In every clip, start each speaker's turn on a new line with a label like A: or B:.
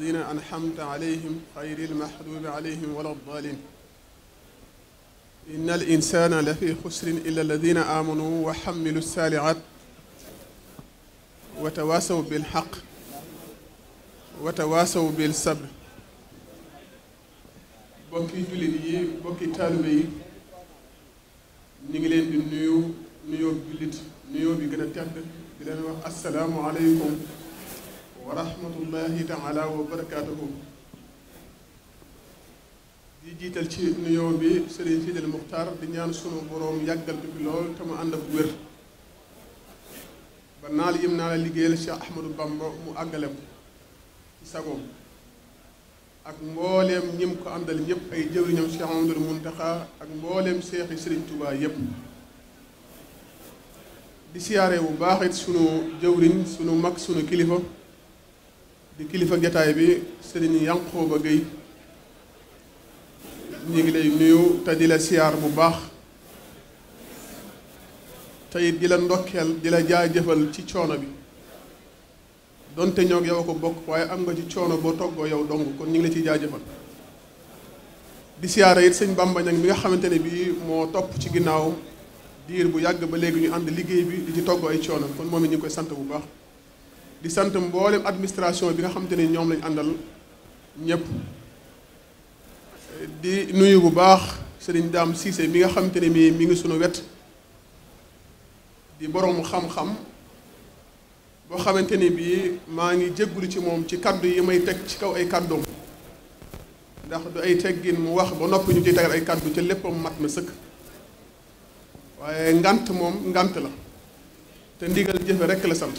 A: الذين أنحمت عليهم غير المحلوب عليهم ولا الضالين إن الإنسان لفي خسر إلا الذين آمنوا وحملوا السالعات وتواسوا بالحق وتواسوا بالصبر bokki jullit yi bokki taalibe yi ñu ngi leen di nuyu nuyoo jullit nuyoo bi gën a tedd di leen wax asalaamu aleykum wa rahmatullahi taala wa barakaatuhu di jiital ci nuyoo bi sëriñ Sidil Muxtaar di ñaan sunu boroom yàggal fi lool te mu ànd ak wér ba naal yim naa la liggéeyal Cheikh Ahmadou Bamba mu àggale ci sagoom ak mbooleem ñim ko àndal ñëpp ay jëwriñam Cheikh Amadou Muntaxa ak mbooleem seexi sëriñ Touba yëpp di siyaare bu baax it sunu jëwriñ sunu mag sunu kilifa di kilifa jataay bi sëriñ Yankhoba Gueye ñu ngi lay nuyu te di la siyaar bu baax te it di la ndokkeel di la jaajëfal ci coono bi donte ñoo yow ko bokk waaye am nga ci coono boo toggoo yow dong kon ñu ngi la ciy jaajëfal di siyaara it sëñ Bamba Ñaŋ bi nga xamante ne bii moo topp ci ginnaaw diir bu yàgg ba léegi ñu ànd liggéey bi di ci toggoo ay coono kon moom it ñu ngi koy sant bu baax di sant mboolem administration bi nga xam xamante ne ñoom lañ àndal ñépp di nuyu bu baax sëriñ Dame Cissé mi nga xamante ne mi mi ngi sunu wet di borom xam-xam boo xamante ni bii maa ngi jéggulu ci moom ci kaddu yi may teg ci kaw ay kaddoom ndax du ay teggin mu wax ba noppi ñu ciy tegal ay kaddu ca léppam mat ma sëkk waaye ngant moom ngant la te ndigal jëfe rekk la sant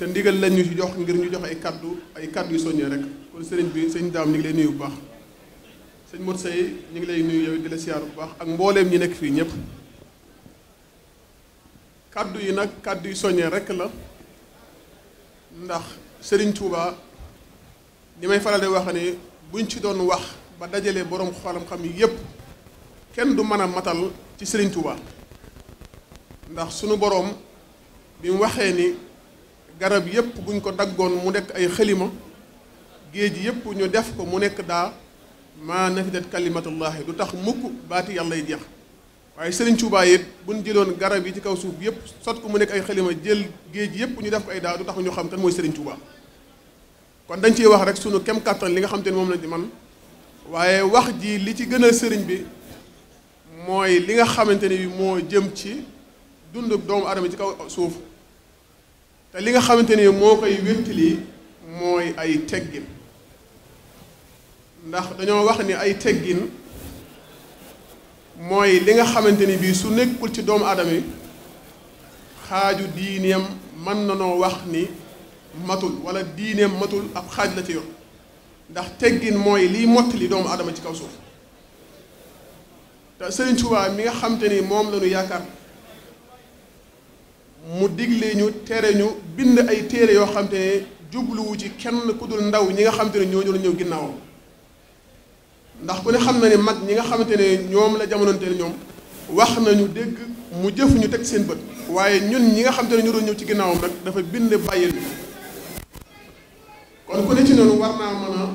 A: te ndigal lañ ñu ci jox ngir ñu jox ay kaddu ay kaddu yu soññee rek kon sëriñ bi sëñ daam ñu ngi lay nuyu bu baax sëñ Modou Seye ñu ngi lay nuyu yow di la siyaar bu baax ak mbooleem ñi nekk fii ñëpp kaddu yi nag kaddu yu soññee rek la ndax sëriñ Touba li may faral di wax ni buñ ci doon wax ba dajalee borom xolam xam yi yëpp kenn du mën a matal ci sëriñ Touba ndax sunu boroom bi mu waxee ni. garab yépp buñ ko daggoon mu nekk ay xalima géej yépp ñu def ko mu nekk daa maa nafidat kalimatullahi du tax mukk baati yàlla yi jeex waaye Sëriñ Tuubaa it buñ jëloon garab yi ci kaw suuf yépp sot ko mu nekk ay xalima jël géej yépp ñu def ko ay daa du tax ñu xam kan mooy Sëriñ Tuubaa kon dañ ciy wax rek sunu kem kàttan li nga xam te ne moom lañ ci man waaye wax ji li ci gën a sëriñ bi mooy li nga xamante ne bi moo jëm ci dund doomu aadama ci kaw suuf te li nga xamante ni moo koy lii mooy ay teggin ndax dañoo wax ni ay teggin mooy li nga xamante ni bii su nekkul ci doomu aadama yi xaaju diineem mën na noo wax ni matul walla diineem matul ab xaaj la ci yoon ndax teggin mooy liy lii doomu adama ci kaw suuf te Sëriñ Tuubaa mi nga xamante ni moom lañu yaakaar. mu digle ñu tere ñu bind ay téere yoo xam te ne jubluwu ci kenn ku dul ndaw ñi nga xam ne ñoo ñëw ginnaawam ndax ku ne xam na ne mag ñi nga xamante ne ñoom la jamononte ne ñoom wax nañu dégg mu jëf ñu teg seen bët waaye ñun ñi nga xamante ne ñu ñëw ci ginnaawam rek dafa bind bàyyil bi kon ku ne ci noonu war naa mën a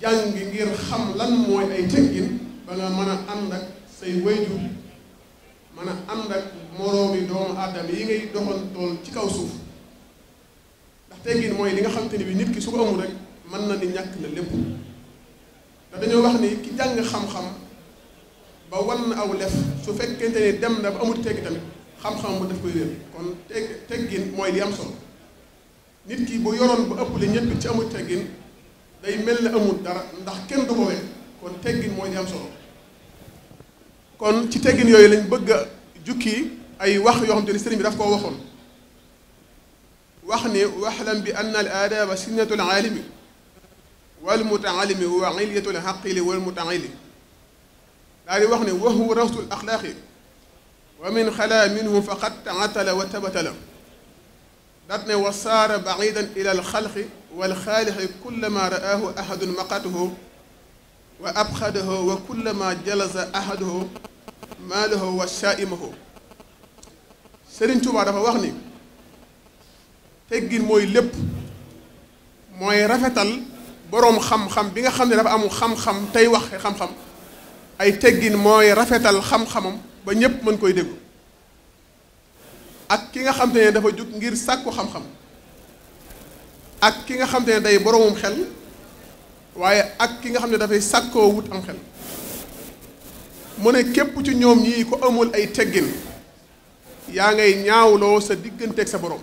A: jàng ngir xam lan mooy ay teggin ba nga mën a ànd ak say wayjur mën a ànd ak moroomi doomu aadama yi ngay doxantool ci kaw suuf ndax teggin mooy li nga xamante ni bi nit ki su ko amul rek mën na ni ñàkk na lépp te dañoo wax ni ki jàng xam-xam ba wan na aw lef su fekkente ni dem na ba amul teggi tamit xam-xam ba daf koy réer kon teg mooy li am solo nit ki bu yoroon bu ëpp li ñett ci amul teggin day mel ne amul dara ndax kenn du kon teggin mooy li am solo kon ci teggin yooyu lañ bëgg a jukki ay wax yoo xam te ni sëriñ bi daf koo waxoon wax ni waxlam bi anna al aadaaba wal mutaallimi wa ilyatul xaqili wal mutaallimi daal di wax ne wa huwa rawsul axlaaqi wa min xalaa minhu faqad taatala wa tabatala dat ne wa saara baidan ila alxalqi walxaalixi kullama ra'aahu ahadun maqatuhu wa abxadahu wa kullama jalaza ahaduhu maalahu wa saaimahu Sëriñ Tuubaa dafa wax ni teggin mooy lépp mooy rafetal boroom xam-xam bi nga xam ne dafa amul xam-xam tey wax xam-xam ay teggin mooy rafetal xam-xamam ba ñépp mën koy déglu ak ki nga xam ne dafa jug ngir sàkku xam-xam ak ki nga xam ne day boroomum xel waaye ak ki nga xam ne dafay sàkkoo wut am xel mu ne képp ci ñoom ñii ko amul ay teggin yaa ngay ñaawloo sa digganteeg sa borom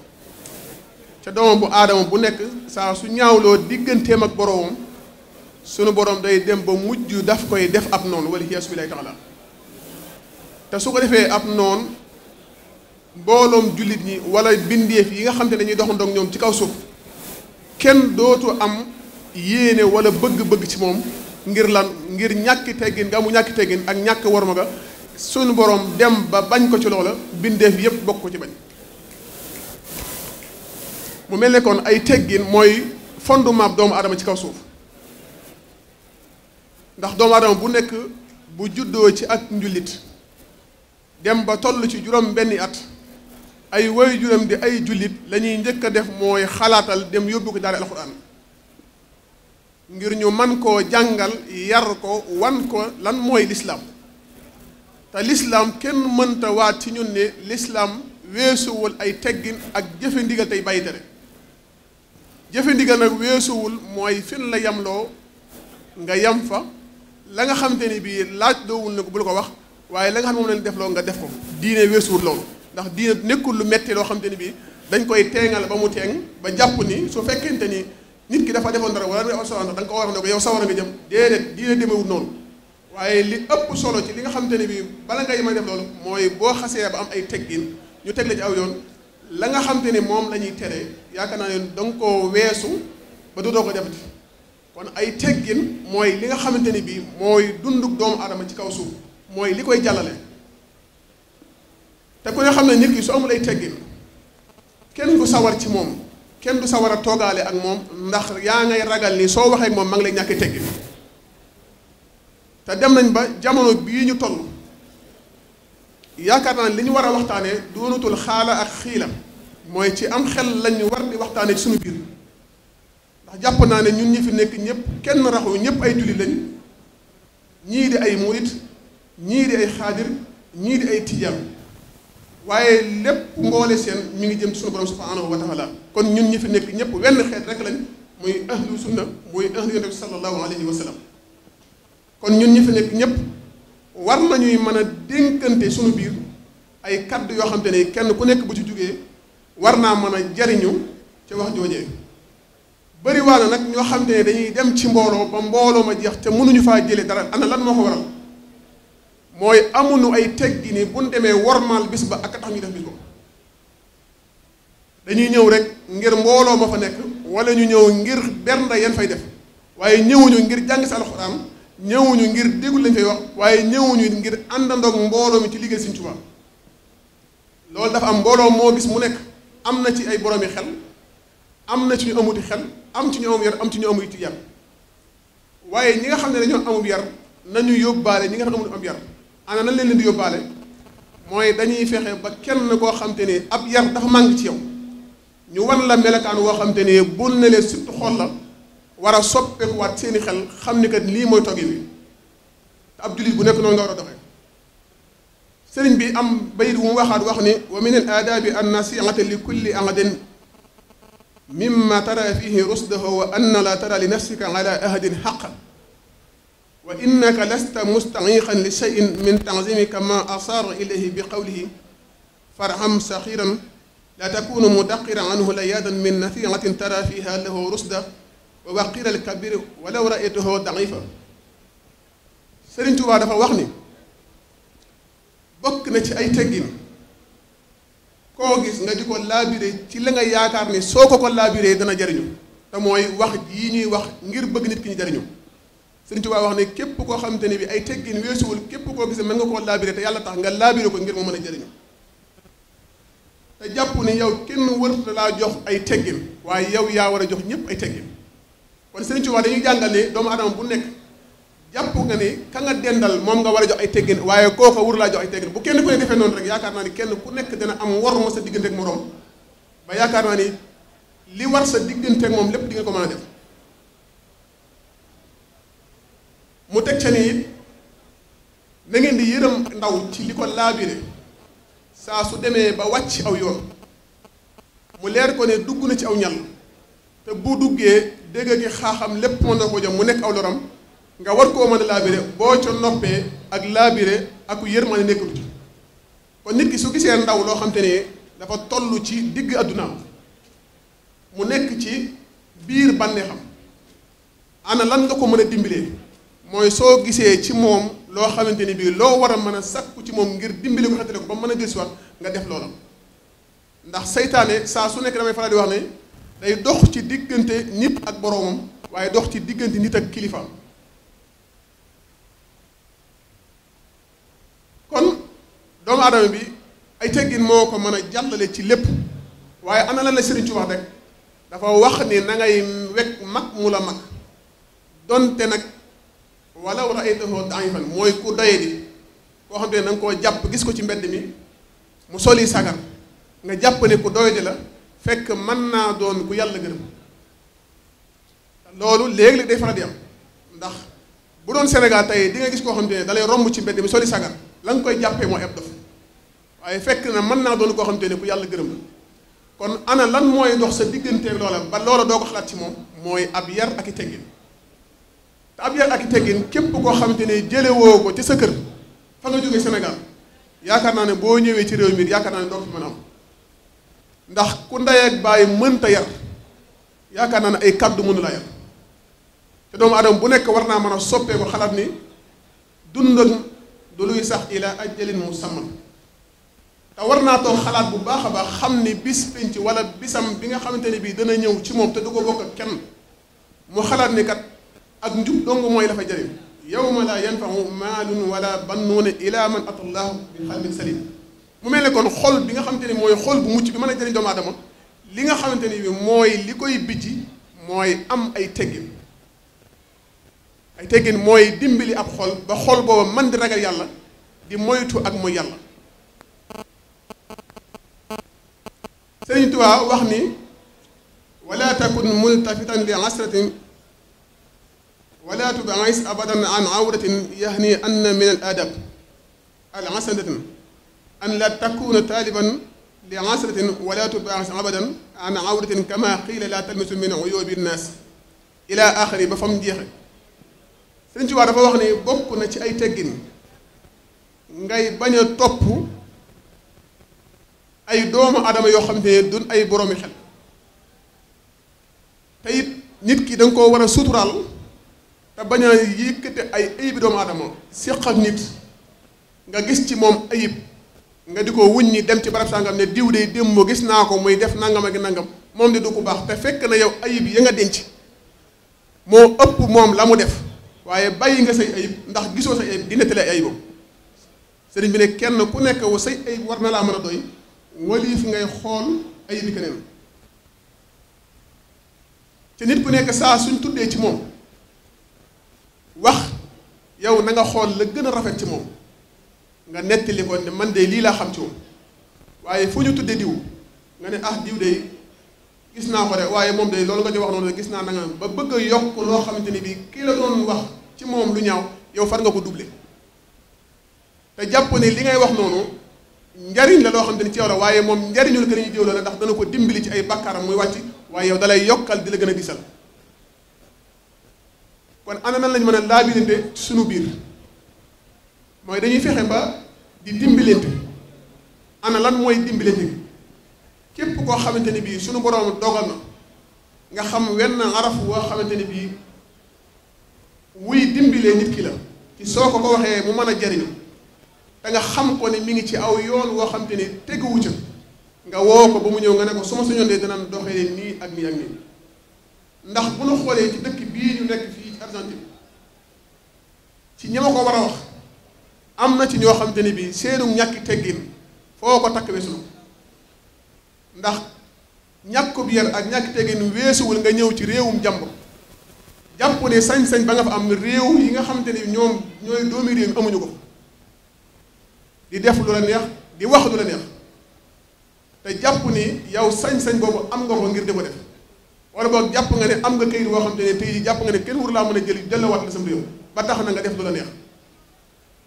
A: ca doomam bu aadama bu nekk saa su ñaawloo digganteem ak boromam sunu borom day dem ba mujj daf koy def ab noonu wala yaasu billaahi taala te su ko defee ab noon mbooloom jullit ñi wala bindeef yi nga xam te ne dañuy doxandoog ñoom ci kaw suuf kenn dootu am yéene wala bëgg-bëgg ci moom. ngir lan ngir ñàkki teggin nga mu ñàkki teggin ak ñàkk warma ga suñu borom dem ba bañ ko ci loola bindeef yépp bokk ko ci bañ mu mel ne kon ay teggin mooy fondement doomu aadama ci kaw suuf ndax doomu aadama bu nekk bu juddoo ci ak njullit dem ba toll ci juróom benni at ay woy juróom di ay jullit lañuy njëkk def mooy xalaatal dem yóbbu ko daara alxuraan ngir ñu man koo jàngal yar ko wan ko lan mooy lislaam te lislaam kenn mënta waat ci ñun ne lislaam weesuwul ay teggin ak jëfe ndigal tey bàyyi tere jëfe ndigal nag weesuwul mooy fin la yamloo nga yam fa la nga xam xamante ni bii laaj doowul ne ko la ko wax waaye la nga xam ne moom def loo nga def ko diine weesuwul loolu ndax diine nekkul lu metti loo xamante ni bii dañ koy teengal ba mu teeng ba jàpp ni su fekkente ni nit ki dafa defoon dara wala nga soxna da nga ko wax ne ko yow sawar nga jëm déedéet diine demewut noonu waaye li ëpp solo ci li nga xamante ne bii bala ngay mën a mooy boo xasee ba am ay teggin ñu teg la ci aw yoon la nga xamante ni moom la ñuy tere yaakaar naa ne da nga weesu ba dootoo kon ay teggin mooy li nga xamante ni bii mooy dunduk doomu ci kaw suuf mooy li koy jàllale te ku xam ne nit ki su amul ay teggin kenn du sawar ci moom. kenn du sa war a toogaale ak moom ndax yaa ngay ragal ni soo waxee moom ma ngi lay ñàkk teggi te dem nañ ba jamono bii ñu toll yaakaar naa li ñu war a waxtaanee doonatul xaala ak xiilam mooy ci am xel lañ war di waxtaanee ci suñu biir ndax jàpp naa ne ñun ñi fi nekk ñëpp kenn raxu ñëpp ay jullit lañ ñii di ay murit ñii di ay xaadir ñii di ay tijaan waaye lépp mboole seen mi ngi jëm ci sunu borom subhanahu wa taala kon ñun ñi fi nekk ñëpp wenn xeet rek lañ muy ahlu sunna muy ahlu yonent bi sallallahu alayhi wa sallam kon ñun ñi fi nekk ñëpp war nañuy mën a dénkante sunu biir ay kaddu yoo xam te ne kenn ku nekk bu ci jógee war naa mën a jariñu ci wax joojee bëri waa nag ñoo xam ne dañuy dem ci mbooloo ba mbooloo ma jeex te mënuñu faa jëlee dara ana lan moo ko waral mooy amuñu ay teggini bu ñu demee wormaal bis ba ak tax ñuy def bis boobu dañuy ñëw rek ngir mbooloo ma fa nekk wala ñu ñëw ngir bernda yan fay def waaye ñëwuñu ngir jàng si alxuraan ñëwuñu ngir déglu lañ fay waaye ñëwuñu ngir àndandoog mbooloo mi ci liggéey Sëriñ Tuubaa loolu dafa am mbooloo moo gis mu nekk am na ci ay boroomi xel am na ci ñu amuti xel am ci ñu amub yar am ci ñu amuti yar waaye ñi nga xam ne dañoo amub yar nañu yóbbaale ñi nga xam ne amul am yar ana nañ leen di yóbbaale mooy dañuy fexe ba kenn koo xam ne ab yar dafa màng ci yow ñu wan la melokaan woo xam te ne bun ne lee surtout xool la war a soppeekuwaat seeni xel xam ni kat lii mooy toggi bi te ab jullit bu nekk noonu nga war a doxee sëriñ bi am bayit wu mu waxaat wax ni wa min al aadaabi an nasiihata li kulli ahadin mimma tara fihi rusdahu wa anna la tara li nafsika ala ahadin xaqan wa innaka lasta mustaxiqan li cheyin min tanzimika ma asaara ilayhi bi qawlihi farham saxiran la takunu mudaqiran anhu layadan min nasihatin tara fiha lahu rusda wa waqira alkabir walaw raaytuhu daifa Sëriñ Tuubaa dafa wax ni bokk na ci ay teggin koo gis nga di ko laabire ci la nga yaakaar ni soo ko ko laabiree dana jariñu te mooy wax yi ñuy wax ngir bëgg nit ki ñu jariñu sëñ Tuubaa wax ne képp koo xamante ne bi ay teggin weesuwul képp koo gisee mën nga koo laabire te yàlla tax nga laabire ko ngir mu mën a jëriñu te jàpp ne yow kenn warta laa jox ay teggin waaye yow yaa war a jox ñëpp ay teggin kon sëñ Tuubaa dañuy jàngal ne doomu adama bu nekk jàpp nga ne ka nga dendal moom nga war a jox ay teggin waaye kooka wur laa jox ay teggin bu kenn koy ne defee noonu rek yaakaar naa ni kenn ku nekk dana am war ma sa digganteeg moroom ba yaakaar naa ni li war sa digganteeg moom lépp di nga mën a def mu teg ca ni it na ngeen di yërëm ndaw ci li ko laabire saa su demee ba wàcc aw yoon mu leer ko ne dugg na ci aw ñal te bu duggee dégg gi xaaxam lépp mën na ko jëm mu nekk aw loram nga war koo mën a laabire boo ca noppee ak laabire ak yërmande nekkul ci kon nit ki su gisee ndaw loo xam te ne dafa tollu ci digg àddunaam mu nekk ci biir bànneexam ana lan nga ko mën a dimbilee mooy soo gisee ci moom loo xamante ni bii loo war a mën a sakku ci moom ngir dimbali ko xetale ko ba mën a gëstuwaat nga def loola ndax seytaane saa su nekk damay faral di wax ne day dox ci diggante nit ak boroomam waaye dox ci diggante nit ak kilifaam kon doomu aadama bi ay teggin moo ko mën a jàllale ci lépp waaye ana lan la sëriñ ci wax rek dafa wax ni na ngay wekk mag mu la mag donte nag walaw raaytahu daifan mooy ku doye di koo xam te ne da nga koo jàpp gis ko ci mbedd mi mu soli sagar nga jàpp ne ku doye di la fekk mën naa doon ku yàlla gërëm loolu léegi-léeg day faral di am ndax bu doon Sénégal tey di nga gis koo xam te dalay romb ci mbedd mi soli sagar la koy jàppee moo eb daf fekk na mën naa doon koo xam te ne ku yàlla gërëm kon ana lan mooy ndox sa digganteeg loola ba loola doo ko xalaat ci moom mooy ab yar ak i teggin te ab yar ak teggin képp koo xamante ni jële woo ko ci sa kër fa nga jógee Sénégal yaakaar naa ne boo ñëwee ci réew mi yaakaar naa ne doo fi mën a am ndax yaakaar naa ne ay kàddu mënu laa yar te doomu adama bu nekk war naa mën a soppee soppeeku xalaat ni dund ak du luy sax ila ajalin musamman te war naa toog xalaat bu baax a baax xam ni bis penc wala bisam bi nga xamante ne bii dana ñëw ci moom te du ko bokk ak kenn mu xalaat ni kat ak njub dong mooy la fa jëriñ yawma laa yanfau maalun wala bannuuna ila man ata llahu bi qalbin salim mu mel ne kon xol bi nga xamante ni mooy xol bu mucc bi mën a jëriñ doomu aadama li nga xamante ni bi mooy li koy bijji mooy am ay teggin ay teggin mooy dimbali ab xol ba xol booba man di ragal yàlla di moytu ak mooy yàlla Sëriñ Tuubaa wax ni wala takun multafitan li asratin wala tubaais abadan an awratin yahni anna min al adab al hasanatin an la takuna taliban li hasratin wala tubaais abadan an awratin kama qiila la talmisu min uyubi nnaas ila axiri ba fa mu jeexe Sëriñ Tuubaa dafa wax ne na ci ay teggin ngay bañ a ay doomu adama yoo xam ne duñ ay boroomi xel te it nit ki da nga koo war a te bañ a yëkkate ay ayibi doomu aadama séq ak nit nga gis ci moom ayib nga di ko wuññi dem ci barab sangam ne diw de démb gis naa ko muy def nangam ak nangam moom de du ko baax te fekk na yow ayib ya nga denc moo ëpp moom la mu def waaye bàyyi nga say ayib ndax gisoo say ayib di nettali ay ayibam sëriñ bi ne kenn ku nekk wu say ayib war na laa mën a doy waliif ngay xool ayibi keneen te nit bu nekk saa suñ tuddee ci moom. wax yow na nga xool la gën a rafet ci moom nga nettali ko ne man de lii laa xam ci moom waaye foo ñu tuddee diw nga ne ah diw de gis naa ko de waaye moom de loolu nga ci wax noonu gis naa nanga ba bëgg a yokk loo xamante ni bii kii la doon wax ci moom lu ñaaw yow far nga ko doublé te jàpp ne li ngay wax noonu njariñ la loo xamante ni ci yow waaye moom njariñul gën a ñu jiw la ndax dana ko dimbali ci ay bàkkaaram muy wàcc waaye yow dalay yokkal di la gën a gisal kon ana na lañ mën a laabirante ci suñu biir mooy dañuy fexe ba di dimbilante ana lan mooy dimbilante gi képp koo xamante ni bii suñu borom dogal na nga xam wenn araf woo xamante ne bii wuy dimbilee nit ki la ci soo ko ko waxee mu mën a jariñ da xam ko ne mu ngi ci aw yoon woo xamante ne teguwu ca nga woo ko ba mu ñëw nga ne ko su ma suñoon dee doxee nii ak nii ak nii ndax bu ñu xoolee ci dëkk bii ñu nekk fii ci Argentine ci ñi ma ko war a wax am na ci ñoo xamante ni bii seenum ñàkk teggin foo ko takk weesu ndax ñàkkub yar ak ñàkk teggin weesuwul nga ñëw ci réewum jàmbur jàpp ne sañ-sañ ba nga fa am réew yi nga xamante ni ñoom ñooy doomi réew amuñu ko di def lu la neex di wax lu la neex te jàpp ni yow sañ-sañ boobu am nga ko ngir di ko wala boog jàpp nga ne am nga këyit boo xam te ne tey jii jàpp nga ne kenn wur laa mën a jël delloowaat la sam réew ba tax na nga def lu la neex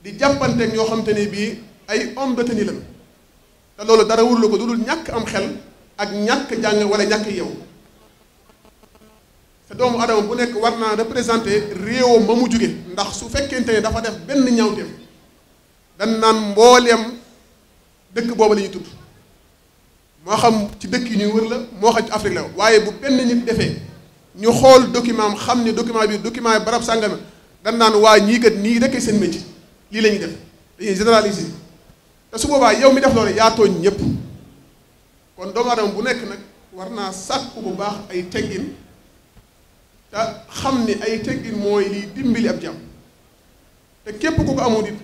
A: di jàppanteeg ñoo xam te ne bii ay homme de la lan te loolu dara wurlu ko du dul ñàkk am xel ak ñàkk jàng wala ñàkk yow te doomu adama bu nekk war naa représenter réewam ma mu jóge ndax su fekkente ne dafa def benn ñawteem dan naan mbooleem dëkk boobu la ñuy tudd moo xam ci dëkk yi ñuy wër la moo xam ci Afrique la waaye bu benn nit defee ñu xool document am xam ne document bi document yi barab sàngam dan naan waa ñii kat nii rek seen métier lii lañuy ñuy def dañuy généraliser te su boobaa yow mi def loolu yaa tooñ ñëpp kon doomu aadama bu nekk nag war naa sàkku bu baax ay teggin te xam ni ay teggin mooy liy dimbali ab jàmm te képp ku ko amul it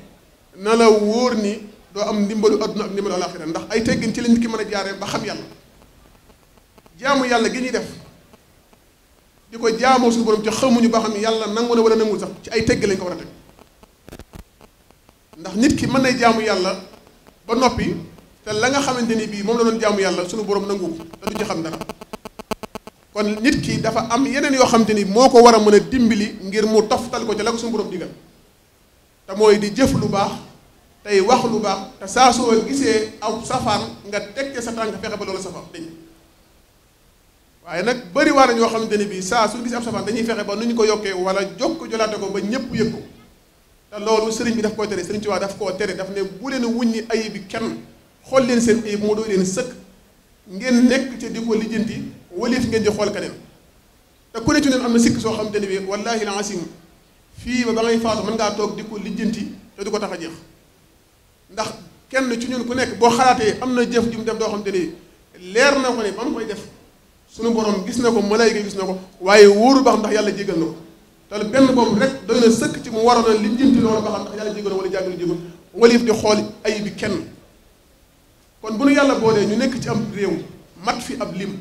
A: na la wóor ni. doo am ndimbalu adduna ak ndimbalu alaxira ndax ay teggin ci la nit ki mën a jaaree ba xam yàlla jaamu yàlla gi ñuy def di ko jaamoo suñu borom ci xamuñu ba xam yàlla nangu na wala nangul sax ci ay tegg lañ ko war a teg ndax nit ki mën nay jaamu yàlla ba noppi te la nga xamante ni bii moom la doon jaamu yàlla suñu borom nangu te du ci xam dara kon nit ki dafa am yeneen yoo xamante ni moo ko war a mën a dimbali ngir mu toftal ko ci la ko suñu borom di jëf lu baax. tey wax lu baax te saa soo gisee aw safaan nga teg sa tànk fexe ba loolu safaan dañ waaye nag bëri waa na ñoo xamante ne bii saa su gisee ab safaan dañuy fexe ba nu ñu ko yokkee wala jokk jolaate ko ba ñëpp yëg ko te loolu sëriñ bi daf koy tere sëriñ waa daf koo tere daf ne bu leen wuññi ayib bi kenn xool leen seen ayib moo doy leen sëkk ngeen nekk ca di ko lijjanti waliif ngeen di xool keneen te ku ne ci ñun am na sikk soo xamante ne bii wallaahi la asim fii ba ba ngay faatu mën ngaa toog di ko lijjanti te du ko tax a ndax kenn ci ñun ku nekk boo xalaatee am na jëf ju mu def doo xam te ni leer na ko ne ba mu koy def suñu borom gis na ko malaayka gis na ko waaye wóoru ba xam ndax yàlla jégal na ko te benn boobu rek doy na sëkk ci mu war a li jënti loolu ba xam ndax yàlla jégal na wala jàggal jégal walif di xool ay bi kenn kon bu nu yàlla boolee ñu nekk ci am réew mat fi ab lim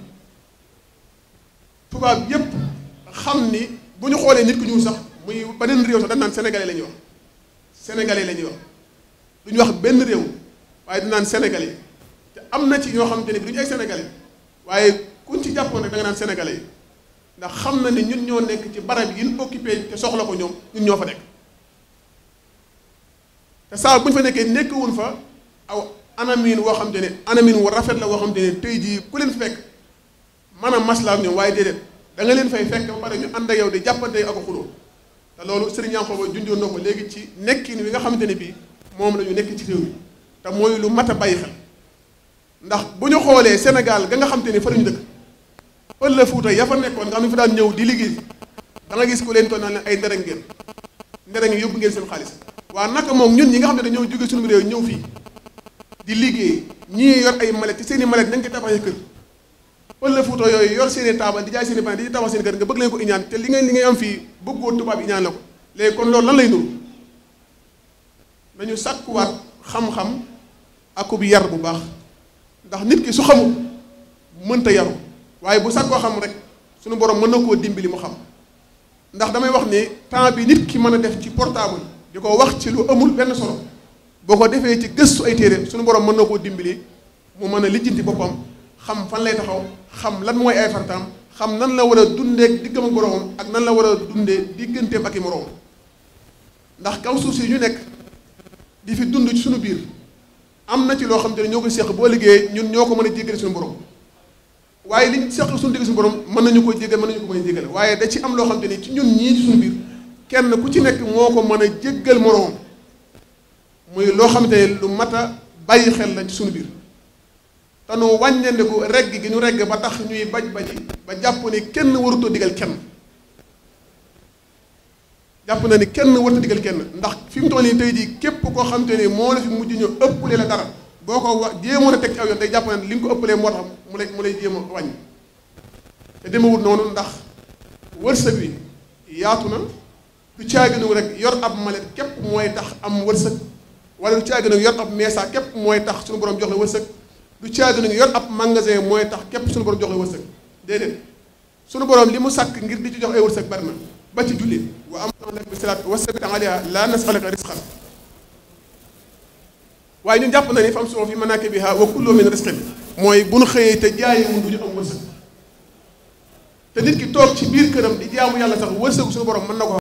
A: tubaab yépp xam ni bu ñu xoolee nit ku ñuul sax muy beneen réew sax dañ naan sénégalais la ñuy wax sénégalais du ñu wax benn réew waaye du naan sénégalais yi te am na ci ñoo xamante ne bi du ñu ay sénégalais waaye kuñ ci jàppoon rek da nga naan sénégalais yi ndax xam na ne ñun ñoo nekk ci barab yi ñu occupé te soxla ko ñoom ñun ñoo fa nekk te saa bu ñu fa nekkee nekkuwun fa aw anamin woo xamante ne anamin wu rafet la woo xamante ne tey jii ku leen fekk maanaam maslaa ak ñoom waaye déedéet da nga leen fay fekk ba ñu ànd yow di jàppante ak te loolu sëriñ Yankoba junjoon na ko léegi ci nekkin wi nga xamante ne bii moom la ñu nekk ci réew mi te mooy lu mat a bàyyi xel ndax bu ñu xoolee Sénégal ga nga xam ne fa la ñu dëkk pël la Fuuta nekkoon nga xam ne fa daan ñëw di liggéey da nga gis ku leen toog naan ay ndereng ngeen ndereng yóbbu ngeen seen xaalis waa naka moom ñun ñi nga xam ne dañoo jóge suñu réew ñëw fii di liggéey ñii yor ay malet ci seen i malet nañ ko tabaxee kër pël la Fuuta yooyu yor seen i taabal di jaay seen i ban di tabax seen kër nga bëgg leen ko iñaan te li ngay li ngay am fii bëggoo tubaab iñaan ko léegi kon loolu lan lay nuru dañu sàkkuwaat xam-xam akub yar bu baax ndax nit ki su xamul mënta yaru waaye bu sàkkoo xam rek sunu borom mën na koo dimbali mu xam ndax damay wax ni temps bi nit ki mën a def ci portable di ko wax ci amul benn solo boo ko defee ci gëstu ay téere suñu borom mën na koo dimbali mu mën a lijjanti boppam xam fan lay taxaw xam lan mooy ay fartaam xam nan la war a dundee diggam ak boromam ak nan la war a dundee digganteem ak i moroomam ndax kaw suuf si ñu nekk. di fi dund ci suñu biir am na ci loo xam te ne ñoo ko seq boo liggéeyee ñun ñoo ko mën a jéggale suñu borom waaye li seq suñu digg suñu borom mën nañu ko jégal mën nañu ko mën a jégal waaye da ci am loo xam te ne ci ñun ñii ci suñu biir kenn ku ci nekk moo ko mën a jéggal moroom muy loo xam te ne lu mat a bàyyi xel la ci suñu biir te nu wàññandiku regg gi ñu regg ba tax ñuy baj baji ba jàpp ni kenn warutoo digal kenn jàpp na ni kenn warta digal kenn ndax fi mu toll nii tey jii képp koo xam te ni moo la fi mujj ñëw ëppalee la dara boo ko wa jéemoon a teg ci aw yoon day jàpp na li nga ko ëppalee moo tax mu lay mu lay jéem a wàññi te demewut noonu ndax wërsëg wi yaatu na du caaginu rek yor ab malet képp mooy tax am wërsëg wala du caaginu yor ab meesa képp mooy tax suñu borom jox la wërsëg du caaginu yor ab magasin mooy tax képp suñu borom jox la wërsëg déedéet suñu borom li mu sàkk ngir di ci jox ay wërsëg bari na ba ci jullit wa amanaa lak bi salaat wasabit alayha la nasalaka risqan waaye ñun jàpp na ni fam suma fi manakibiha wa kullu min risqin mooy bu nu xëyee te jaayiwul du ñu am wërsëg te nit ki toog ci biir këram di jaamu yàlla sax wërsëgu suñu borom mën na ko